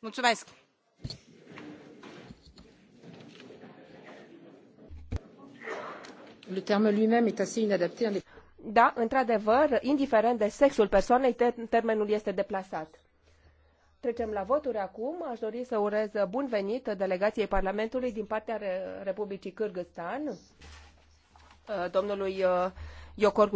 mulțumesc. Da, într-adevăr, indiferent de sexul persoanei, termenul este deplasat. Trecem la voturi acum. Aș dori să urez bun venit delegației Parlamentului din partea Republicii Kyrgyzstan, uh, domnului Yokor uh,